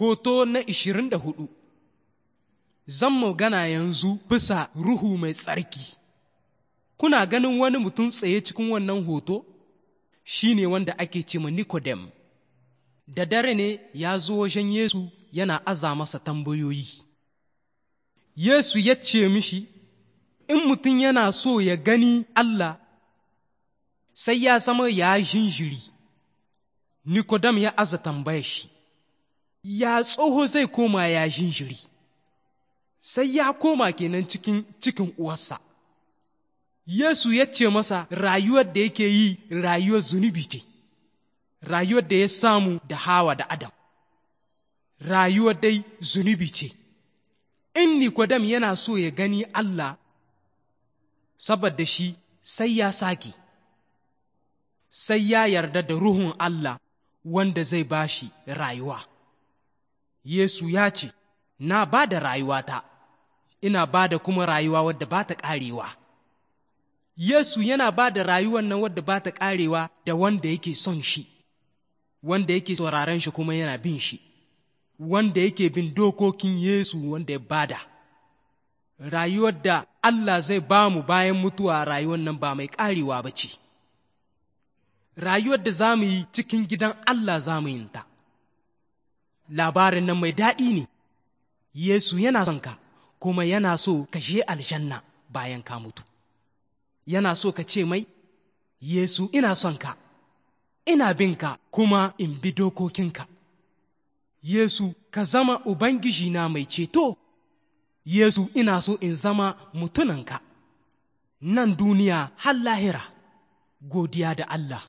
hoto na 24 zan magana yanzu bisa ruhu mai tsarki kuna ganin wani mutum tsaye cikin wannan hoto shi ne wanda ake ce ma da dare ne ya zo wajen Yesu yana aza masa tambayoyi Yesu ya ce mishi in mutum yana so ya gani Allah sai ya zama ya jinjiri nikodem ya aza tambaya shi ya tsoho zai koma ya jinjiri sai ya koma kenan cikin cikin uwarsa Yesu ya ce masa rayuwar da yake yi rayuwar zunubi ce rayuwar da ya samu da hawa da adam rayuwar dai zunubi ce in Nikodam yana so ya gani Allah saboda shi sai ya sake sai ya yarda da ruhun Allah wanda zai bashi rayuwa Yesu ya ce, Na ba da rayuwata, ina ba da kuma rayuwa wadda ba ta ƙarewa. Yesu yana ba da rayuwan nan wadda ba ta ƙarewa da wanda yake son shi, wanda yake sauraren shi kuma yana bin shi, wanda yake bin dokokin Yesu wanda ya bada. Rayuwar da Allah zai ba mu bayan mutuwa rayuwan nan ba mai ƙarewa ba ce. Rayuwar da za mu yi cikin gidan Allah za mu yinta. labarin nan mai daɗi ne yesu yana son ka kuma yana so ka je aljanna bayan ka mutu yana so ka ce mai yesu ina son ka ina bin ka kuma in bi dokokinka yesu ka zama ubangiji na mai ceto yesu ina so in zama mutunanka nan duniya har lahira godiya da allah